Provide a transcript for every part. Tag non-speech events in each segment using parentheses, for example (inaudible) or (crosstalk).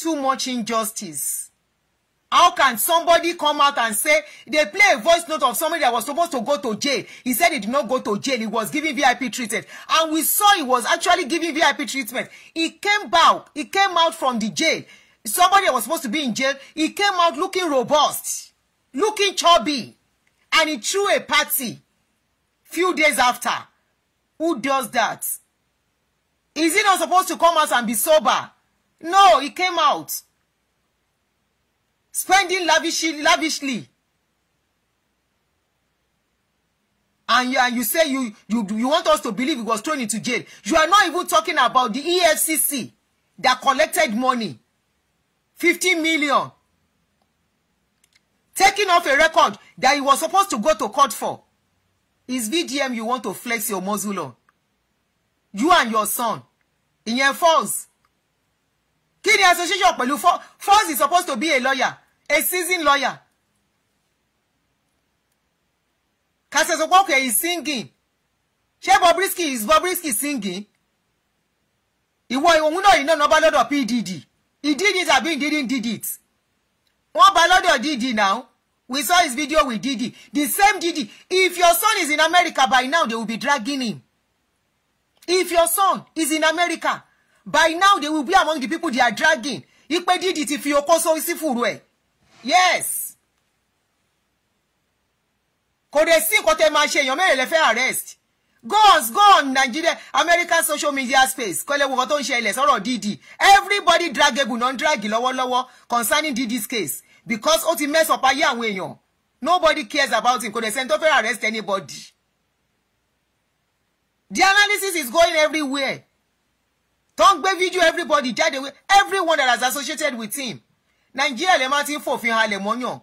too much injustice how can somebody come out and say they play a voice note of somebody that was supposed to go to jail he said he did not go to jail he was giving vip treatment and we saw he was actually giving vip treatment he came out. he came out from the jail somebody that was supposed to be in jail he came out looking robust looking chubby and he threw a party few days after who does that is he not supposed to come out and be sober No, he came out. Spending lavishly, lavishly. And you, and you say you, you, you want us to believe he was thrown into jail. You are not even talking about the EFCC that collected money. fifteen million. Taking off a record that he was supposed to go to court for. Is VDM you want to flex your muzzle on? You and your son. Ìyẹn false kí ni association pẹ̀lú force is supposed to be a lawyer a seasoned lawyer Kasesopokwe is singing ṣé Bobrisky is Bobrisky singing ìwọ òun náà iná nọba lọ́dọ̀ PDD he did it àbí he didn't did it wọ́n bá lọ́dọ̀ DD now we saw his video with DD the same DD if your son is in America by now they will be dragging him if your son is in America by now they will be among the people they are dragging ipe dídì ti fi okó sórí sí fùrù ẹ̀ e. yes kò dé sí nǹkan tẹ́ máa ṣe èèyàn mẹ́rin lè arrest go on go on Nigeria American social media space kọ́lé wo nǹkan tó ń ṣẹlẹ̀ sọ̀rọ̀ dídì everybody draggable non drag lọ́wọ́lọ́wọ́ concerning Didi's case because ó ti mess up ayé àwọn èèyàn nobody cares about him kò dé sẹ́ni tó fẹ́ arrest anybody the analysis is going everywhere tó ń gbé fídíò everybody jáde wé everyone that has associated with him nàìjíríà lè máa ti ń fòfin halẹ̀ mọ́yàn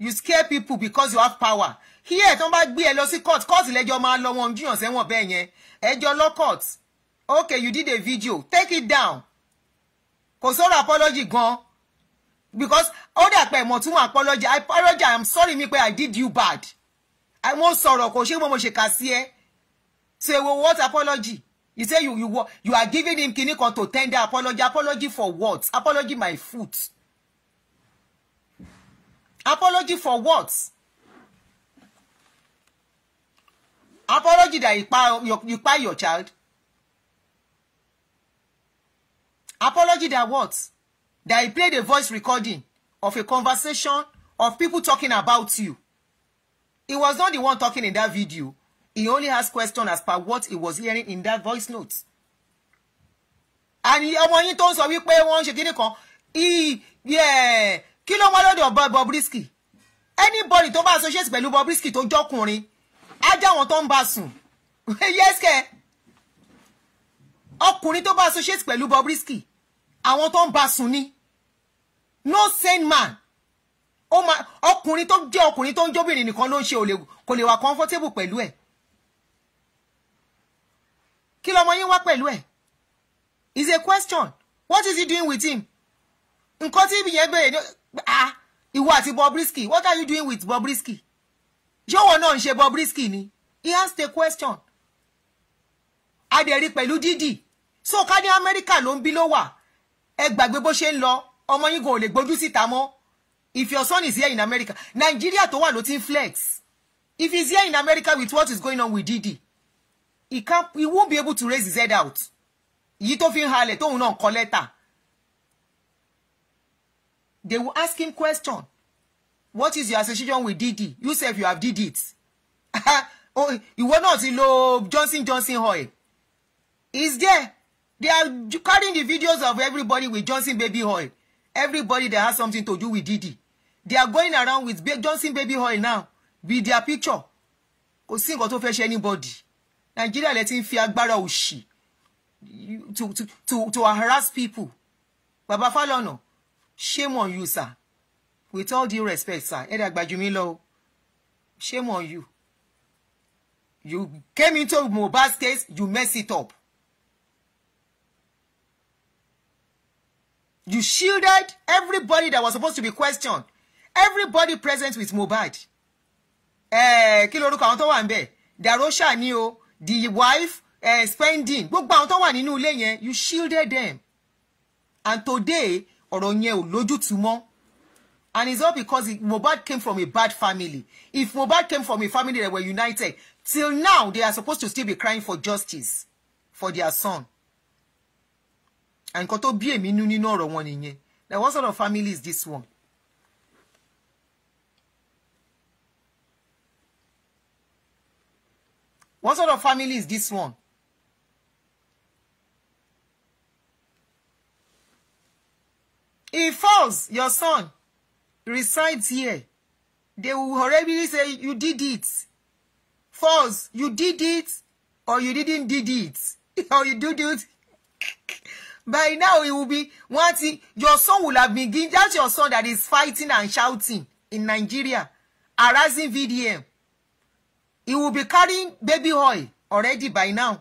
you scare people because you have power here tó ń bá gbé ẹ lọ sí court court lẹ́jọ́ máa lọ wọn jiyàn sẹ́wọ̀n bẹ́ẹ̀ yẹn ẹjọ́ lọ court okay you did a video take it down kò sọ̀rọ̀ apology gan because ó dà pé ìmọ̀ tún wọn apology I apology I'm sorry mi pé I did you bad I wọ́n sọ̀rọ̀ kò ṣe mo mo ṣe kà sí ẹ so ewo what apology He say you you you are giving him kini kan to tender apology apology for what apology my foot apology for what apology that you pa your you pa your child apology that what that he played a voice recording of a conversation of people talking about you he was not the one talking in that video He only asked questions as per what he was hearing in that voice note. And ọmọ yín tó ń sọ wípé wọ́n ń ṣe kíní kan kí ló wọ́n lọ́dọ̀ Bobrisky anybody tó bá associate pẹ̀lú Bobrisky tó jọ́kùnrin ajá wọn tó ń bá sùn (laughs) yẹ́sẹ̀ ọkùnrin tó bá associate pẹ̀lú Bobrisky àwọn tó ń bá sùn ni no sane man ọkùnrin tó jẹ́ ọkùnrin tó ń jóbìnrin nìkan ló ń ṣe kò lè wà comfortable pẹ̀lú ẹ̀ kí lọmọ yín wá pẹ̀lú ẹ̀ is a question what is he doing with him nǹkan tí ibi yẹn béèrè ah ìwọ àti Bobrisky what are you doing with Bobrisky yóò náà ń ṣe Bobrisky ni he asked a question adẹ̀rí pẹ̀lú dídì so ká ní Amẹ́ríkà ló ń bí ló wà ẹ gbàgbé bó ṣe ń lọ ọmọ yín kò lè gbójú síta mọ́ if your son is here in America Nigeria tó wà ló ti ń flex if he is here in America with what is going on with Didi he can't he won't be able to raise his head out yìí tó fi ń halẹ̀ tóun náà kọ lẹ́tà they will ask him question what is your association with Didi you sef you have did it (laughs) oh, ìwọ náà ti lo Johnson Johnson oil is there they are carrying the videos of everybody with Johnson baby oil everybody that has something to do with Didi they are going around with Johnson baby oil now with their picture kò sí nǹkan tó fẹ́ ṣe anybody. Nigeria lẹ ti ń fi agbára òṣì to to to to harass people baba Falana shame on you sir with all due respect sir ẹ dàgbà jù mí lọ o shame on you you came into Mohbad's case you mess it up You shielded everybody that was supposed to be questioned. Everybody present with Mohbad. Eh, kí lorúkọ àwọn tó wà ń bẹ̀? Darosha ni o, the wife uh, spending gbogbo àwọn tó wà nínú ilé yẹn you shielded them and today ọ̀rọ̀ yẹn ò lójútu mọ́ and it's all because it, Mohbad came from a bad family if Mohbad came from a family that were united till now they are supposed to still be crying for justice for their son and nǹkan tó bí èmi nú nínú ọ̀rọ̀ wọn nìyẹn now what sort of family is this one What sort of family is this one? If falls, your son resides here. They will already say you did it. False. you did it or you didn't did it. (laughs) or you did it. (laughs) By now it will be one thing. Your son will have been That's your son that is fighting and shouting in Nigeria, harassing VDM. He will be carrying baby oil already by now.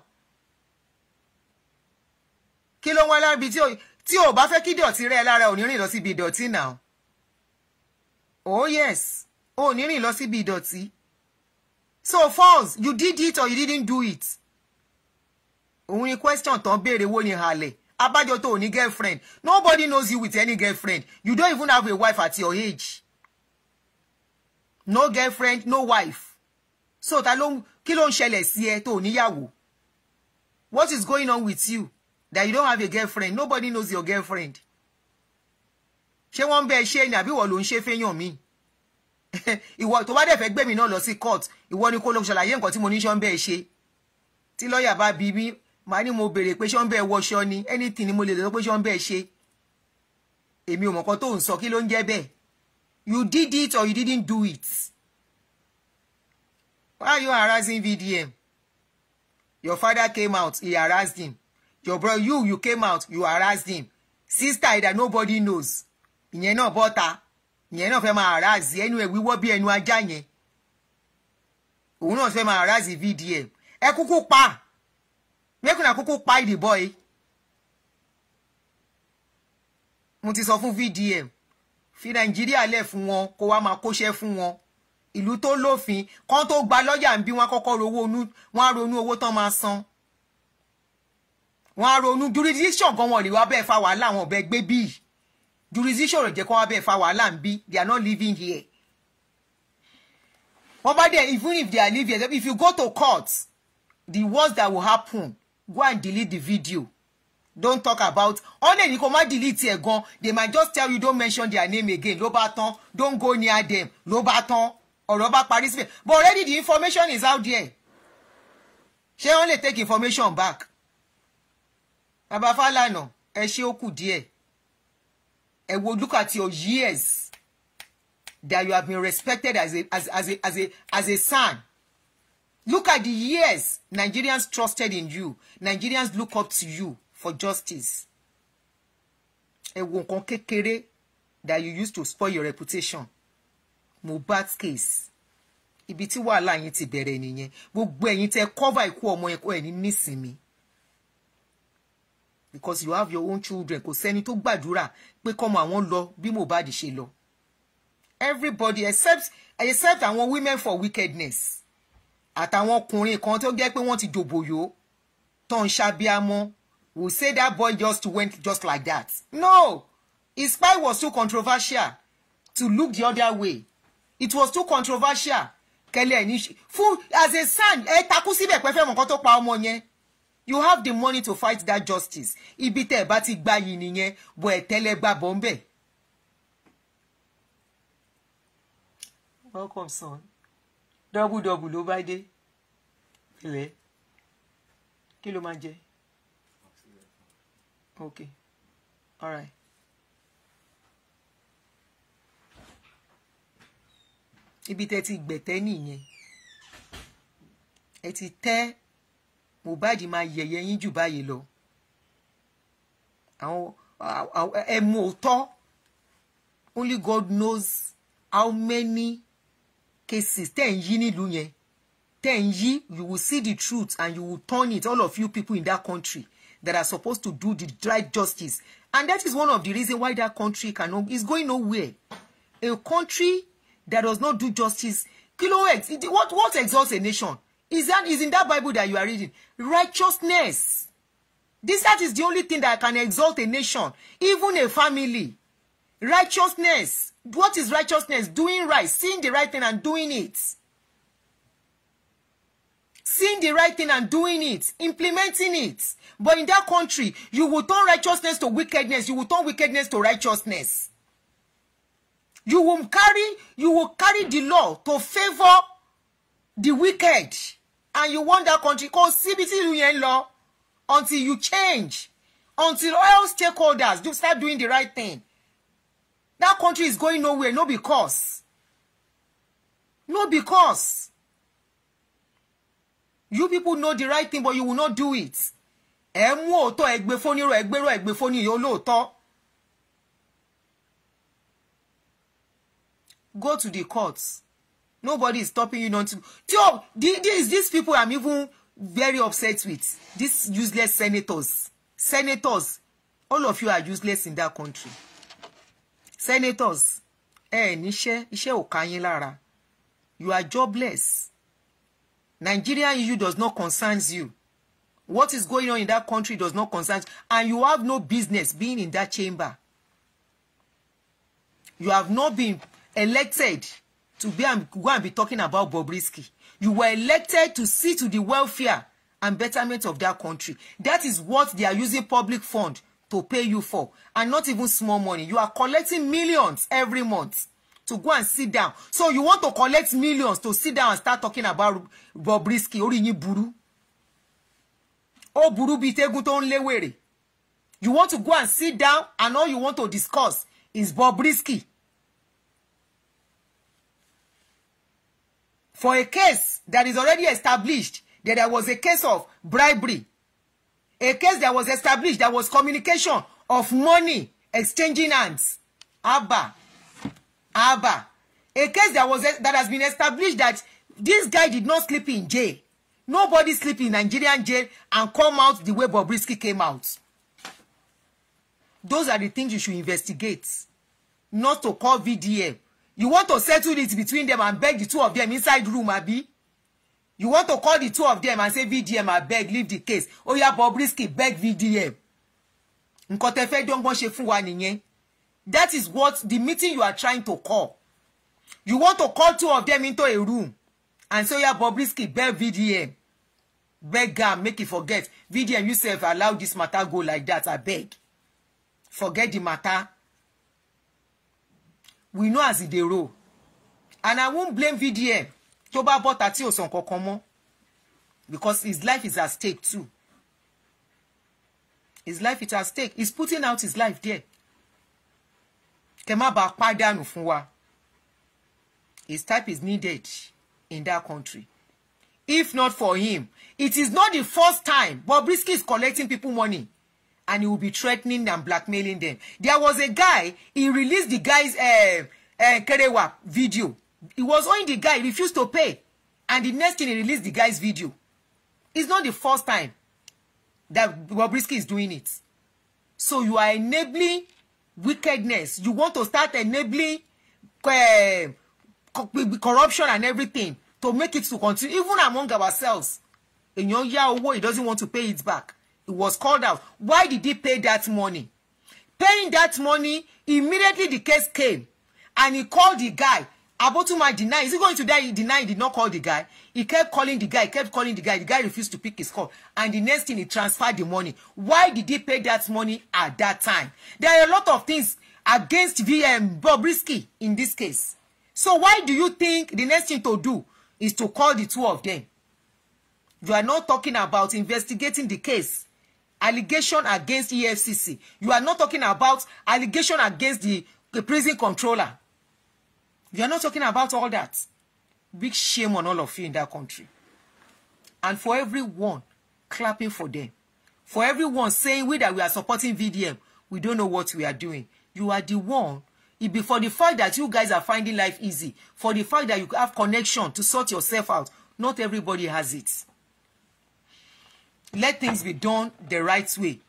Kí ló ń wá lábi tí o tí o bá fẹ́ kí dọ̀tí rẹ̀ lára ò rìn lọ síbi ìdọ̀tí náà. Oh yes, ò ní rìn lọ síbi ìdọ̀tí. So false, you did it or you didn't do it. Òun ni question tán béèrè wo ni halẹ̀. Abájọ tó o ní girlfriend. Nobody knows you with any girlfriend. You don't even have a wife at your age. No girlfriend, no wife so ta ló kí ló ń ṣẹlẹ̀ sí ẹ tó níyàwó what is going on with you that you don't have a girlfriend nobody knows your girlfriend ṣé wọ́n ń bẹ ṣe ni àbí ìwọ ló ń ṣe fẹ́yàn mi (laughs) ìwọ tó bá dẹ̀ fẹ́ gbẹ̀mí náà lọ sí court ìwọ ni kó lọ ṣàlàyé nǹkan tí mo ní ṣọ́ ń bẹ́ẹ̀ ṣe tí lọ́ọ̀yà bá bí mi màá ní mo béèrè pé ṣọ́ ń bẹ́ẹ̀ wọṣọ ni anything ni mo lè lọ pé ṣọ́ ń bẹ́ẹ̀ ṣe èmi ò mọ̀kan tó ń sọ kí ló ń jẹ́ bẹ́ẹ̀ you did it or you didn't do it. Why are you harassing VDM? Your father came out, he harassed him. Your brother, you, you came out, you harassed him. Sister that nobody knows. Ìyẹn náà bọ́ta. Ìyẹn náà fẹ́ máa harass ẹnu ẹ̀ wíwọ́ bí ẹnu ajá yẹn. Òun náà fẹ́ máa harass VDM. Ẹ kúkú pa. Make una kúkú pa the boy. Mo ti sọ fún VDM. Fi Nàìjíríà lẹ̀ fún wọn kó wá máa kóṣẹ́ fún wọn ìlú tó lófin kán tó gba lọ́ọ̀yà ń bí wọ́n kọ́kọ́ ronú wọ́n á ronú owó tán máa san wọ́n á ronú jurisdiction gan wọn lè wá bẹ́ẹ̀ fa wàhálà wọn ọ̀bẹ gbé bíi jurisdiction rẹ̀ jẹ́ kó wá bẹ́ẹ̀ fa wàhálà ń bí they are not living here wọ́n bá dẹ̀ even if they are living here if you go to court the worst that will happen go and delete the video don't talk about ọ̀nà ní kò má delete ẹ̀ gan they might just tell you don't mention their name again ló bá tán don't go near them ló bá tán ọ̀rọ̀ bá parí síbẹ̀ but already the information is out there ṣé wọ́n lè take information back bàbá Fálànà ẹ ṣe ó kù díẹ̀ ẹ wo look at your years that you have been respected as a as, as a as a as a son look at the years Nigerians trusted in you Nigerians look up to you for justice ẹ wo nǹkan kékeré that you used to spoil your reputation Mohbad case ibi tí wàhálà yín ti bẹ̀rẹ̀ nìyẹn gbogbo ẹ̀yin tẹ́ cover ikú ọmọ ẹ̀kọ́ ẹ̀ ní nísìnyí because you have your own children kò sẹ́ni tó gbàdúrà pé kọ́mọ àwọn lọ bí Mohbad ṣe lọ everybody except except àwọn women for wickedness àtàwọn ọkùnrin kan tó jẹ́ pé wọ́n ti dòbòyò tó ń ṣàbíamọ́ will say that boy just went just like that no his spy was too controversial to look the other way it was too controversial kẹlẹ ẹ ní fún as a son ẹ takú síbẹ̀ pẹ́fẹ́ mọ̀ nǹkan tó pa ọmọ yẹn you have the money to fight that justice ibi tẹ́ ẹ bá ti gba yìí nìyẹn bọ̀ ẹ̀ tẹ́lẹ̀ gbà bọ́ welcome son double double ló bá dé ilẹ̀ kí ló máa jẹ okay Alright. ibi tẹ́ ti gbẹ̀tẹ́ nìyẹn ẹ ti tẹ́ Mohbad máa yẹ̀yẹ́ yín jù báyìí lọ àwọn ẹ mú òótọ́ only God knows how many cases tẹ́ ń yí nílùú yẹn tẹ́ ń yí you will see the truth and you will turn it all of you people in that country that are supposed to do the right justice and that is one of the reasons why that country cannot is going nowhere a country that does not do justice kí ex what what exalts a nation is that is in that bible that you are reading righteousness this that is the only thing that can exalt a nation even a family righteousness what is righteousness doing right seeing the right thing and doing it seeing the right thing and doing it implementing it but in that country you will turn righteousness to wickedness you will turn wickedness to righteousness you will carry you will carry the law to favour the wicked and you want that country called CBT Union Law until you change until all stakeholders do start doing the right thing that country is going nowhere no because no because you people know the right thing but you will not do it ẹ mú òótọ́ ẹgbẹ́ fónírò ẹgbẹ́rò ẹgbẹ́ fónírò olóòótọ́ go to the courts nobody is stopping you not to these these people i'm even very upset with these useless senators senators all of you are useless in that country senators eh? níṣẹ́ iṣẹ́ ò ká yín you are jobless Nigerian issue does not concern you what is going on in that country does not concern you and you have no business being in that chamber you have not been elected to be and go and be talking about Bobrisky. You were elected to see to the welfare and betterment of that country. That is what they are using public fund to pay you for. And not even small money. You are collecting millions every month to go and sit down. So you want to collect millions to sit down and start talking about Bobrisky. Orí yín buru Ó buru bíi tẹ́gùn tó ń léwèrè. You want to go and sit down and all you want to discuss is Bobrisky. for a case that is already established that there was a case of bribery, a case that was established that was communication of money exchanging hands, Abba, Abba, a case that was that has been established that this guy did not sleep in jail. Nobody sleep in Nigerian jail and come out the way Bobrisky came out. Those are the things you should investigate, not to call VDM You want to settle it between them and beg the two of them inside room, abi? You want to call the two of them and say VDM, I beg, leave the case. Oya oh, Bobrisky, beg VDM. Nǹkan tẹ́ fẹ́ dọ́gbọ́n ṣe fún wa nìyẹn. That is what the meeting you are trying to call. You want to call two of them into a room and say, Oya oh, Bobrisky, beg VDM. Beg am, make it forget. VDM, you sef allow this matter go like that, I beg. Forget the matter we know as e dey roll and i won't blame vdm tó bá bọ́ ta tí kankan mọ́ because his life is at stake too his life is at stake he's putting out his life there kẹ má bàa pàdánù fún wa his type is needed in that country if not for him it is not the first time Bobrisky is collecting people money and he will be threatening and blackmailing them. There was a guy, he released the guy's uh, uh, Kerewa video. He was owing the guy, he refused to pay. And the next thing, he released the guy's video. It's not the first time that Bobrisky is doing it. So you are enabling wickedness. You want to start enabling uh, corruption and everything to make it to continue, even among ourselves. Èèyàn yá owó, he doesn't want to pay it back he was called out. Why did he pay that money? Paying that money, immediately the case came and he called the guy. Abotuma deny. Is he going to die? He denied. He did not call the guy. He kept calling the guy. He kept calling the guy. The guy refused to pick his call. And the next thing, he transferred the money. Why did he pay that money at that time? There are a lot of things against VM Bobrisky in this case. So why do you think the next thing to do is to call the two of them? You are not talking about investigating the case allegation against EFCC. You are not talking about allegation against the, the prison controller. You are not talking about all that. Big shame on all of you in that country. And for everyone clapping for them, for everyone saying we that we are supporting VDM, we don't know what we are doing. You are the one. It be for the fact that you guys are finding life easy, for the fact that you have connection to sort yourself out, not everybody has it let things be done the right way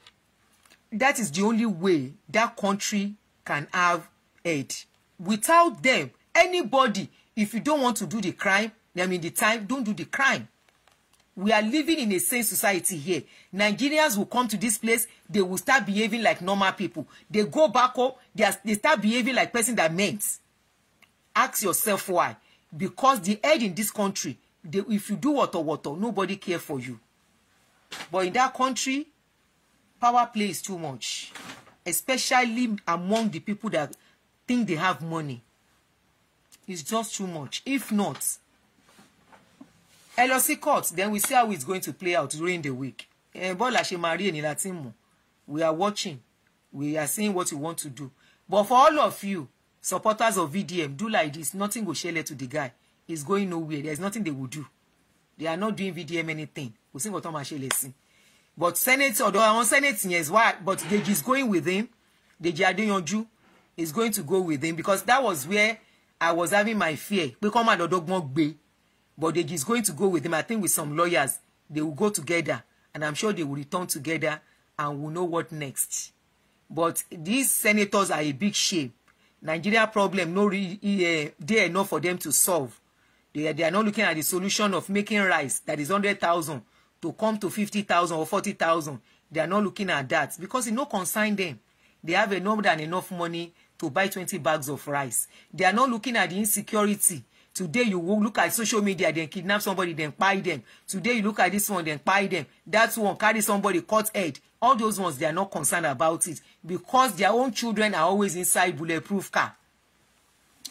that is the only way that country can have aid without them anybody if you don't want to do the crime i mean the time don't do the crime we are living in a sane society here nigerians will come to this place they will start behaving like normal people they go back home they, are, they start behaving like person that meant ask yourself why because the aid in this country they, if you do water water nobody care for you but in that country power play is too much especially among the people that think they have money it's just too much if not ẹ court then we see how it's going to play out during the week bọ́ọ̀lù àṣemárí ènìyàn láti mọ̀ we are watching we are seeing what you want to do but for all of you supporters of VDM do like this nothing go ṣẹlẹ̀ to the guy he's going nowhere there's nothing they will do they are not doing VDM anything We see what tó máa ṣe but senate ọ̀dọ̀ àwọn senate yẹn is why but Deji is going with him Deji Adeyanju is going to go with him because that was where I was having my fear pé kọ́ máa dọ́dọ́gbọ́n gbé but Deji is going to go with him I think with some lawyers they will go together and I'm sure they will return together and will know what next but these senators are a big shame Nigeria problem no re dey eh, enough for them to solve they, they are not looking at the solution of making rice that is hundred thousand to come to fifty thousand or forty thousand they are not looking at that because e no concern them they have enough than enough money to buy twenty bags of rice they are not looking at the insecurity today you look at social media then kidnap somebody then kpai them today you look at this one then kpai them that one carry somebody cut head all those ones they are not concerned about it because their own children are always inside bulletproof car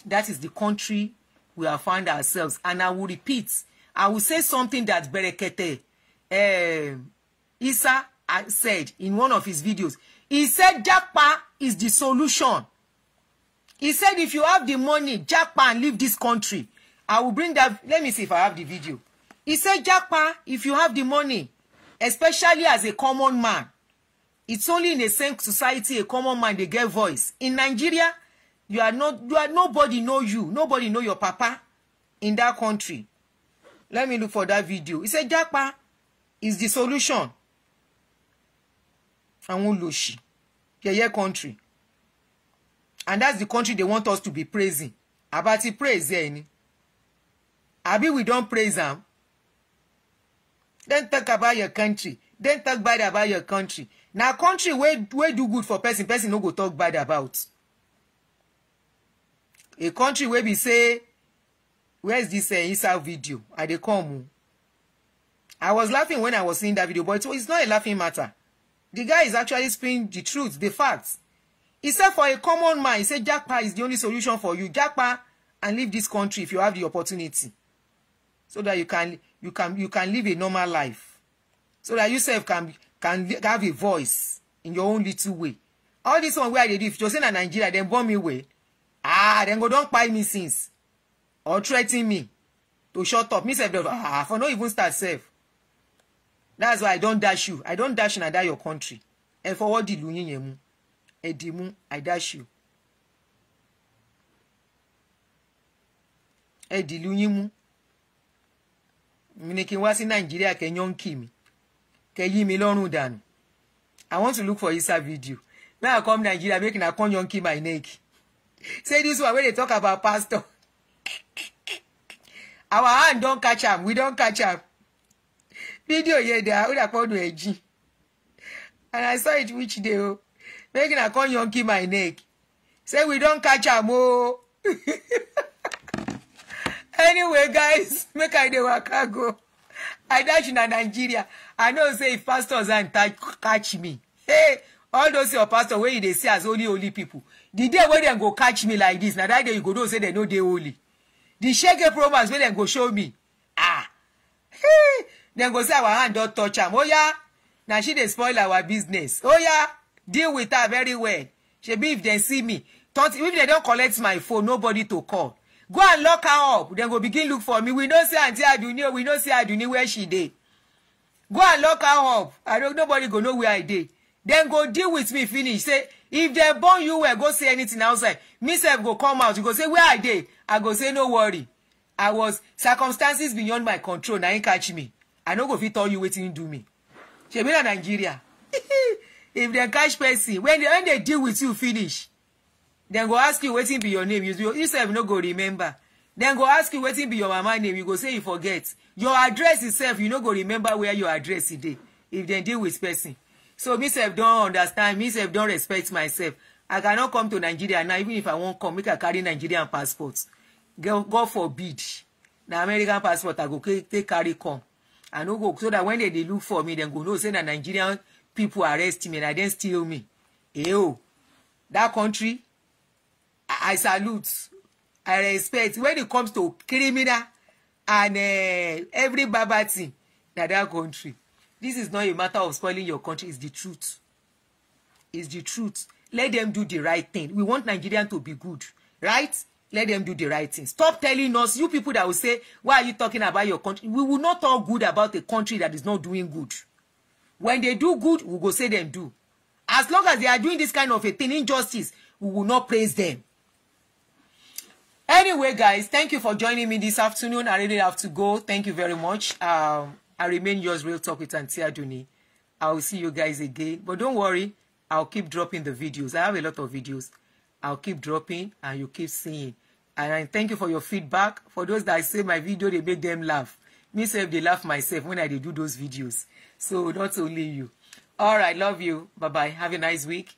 that is the country we have found ourselves and i will repeat i will say something that berekete eh, uh, isa said in one of his videos he said japa is the solution he said if you have the money japa and leave this country i will bring that let me see if i have the video he said japa if you have the money especially as a common man it's only in a same society a common man they get voice in nigeria you are not you are nobody know you nobody know your papa in that country let me look for that video he said japa is the solution I àwọn olòṣì yẹyẹ country and that's the country they want us to be praising About abati praise ẹ ni abi we don't praise them. Then talk about your country Then talk bad about your country Now, country where where do good for person person no go talk bad about a country wey be say where is this?" dis eh, isa video i dey come oh. i was laughing when i was seeing that video but its not a laughing matter The guy is actually speaking the truth the facts He said, for a common man he say japa is the only solution for you japa and leave this country if you have the opportunity so that you can you can you can live a normal life so that you sef can can have a voice in your own little way all this one wey i dey do if you say na nigeria dem born me well ah then go don't kpai me since or threaten me to shut up me sef don ah for no even start sef that's why i don't dash you i don't dash na that your country ẹ for what yín yẹn mu ẹ dì mú i dash you ẹ dìlú yín mú mi ni kí n wá sí nàìjíríà kẹ yán kì mí kẹ mi lọ́rùn dànù i want to look for isa video now i come nigeria make una come yán kì my neck say this one when they talk about pastor our hand don't catch am we don't catch am video here dey hold up on eji and i saw it which day o oh. make na come yonki my neck say we don't catch am o oh. (laughs) anyway guys make i dey waka go i dash na nigeria i know say if pastors and catch me hey all those your pastor wey they dey see as holy holy people the day wey dem go catch me like this? na that day you go know say dem no dey holy the shege promise wey dem go show me ah dem go say our hand don touch am oya na she dey spoil our business oya deal with her very well shebi if dem see me if dem don collect my phone nobody to call go and lock her up dem go begin look for me we no see aunty aduni we no see aduni where she dey go and lock her up i nobody go know where i dey dem go deal with me finish say if dem born you well go say anything outside me sef go come out you go say where i dey i go say no worry i was circumstances beyond my control na im catch me i no go fit tell you wetin do me shebi na nigeria (laughs) if dem catch person when they when they deal with you finish dem go ask you wetin be your name you you sef no go remember dem go ask you wetin be your mama name you go say you forget your address itself you no go remember where your address dey if dem deal with person so me sef don understand me sef don respect myself i cannot come to nigeria now even if i wan come make i carry nigerian passport god forbid na american passport i go take carry come i no go so that when they dey look for me dem go know say na nigerian people arrest me na dem steal me eyo eh oh. that country i salute i respect when it comes to criminal and uh, every baba thing na that country this is not a matter of spoiling your country it's the truth it's the truth let them do the right thing we want Nigerians to be good right let them do the right thing stop telling us you people that will say why are you talking about your country we will not talk good about a country that is not doing good when they do good we go say them do as long as they are doing this kind of a thing injustice we will not praise them anyway guys thank you for joining me this afternoon i really have to go thank you very much um I remain yours, Real Talk with Auntie Aduni. I'll see you guys again. But don't worry, I'll keep dropping the videos. I have a lot of videos. I'll keep dropping and you keep seeing. And I thank you for your feedback. For those that I say my video, they make them laugh. Me self, they laugh myself when I do those videos. So not only you. All right, love you. Bye-bye. Have a nice week.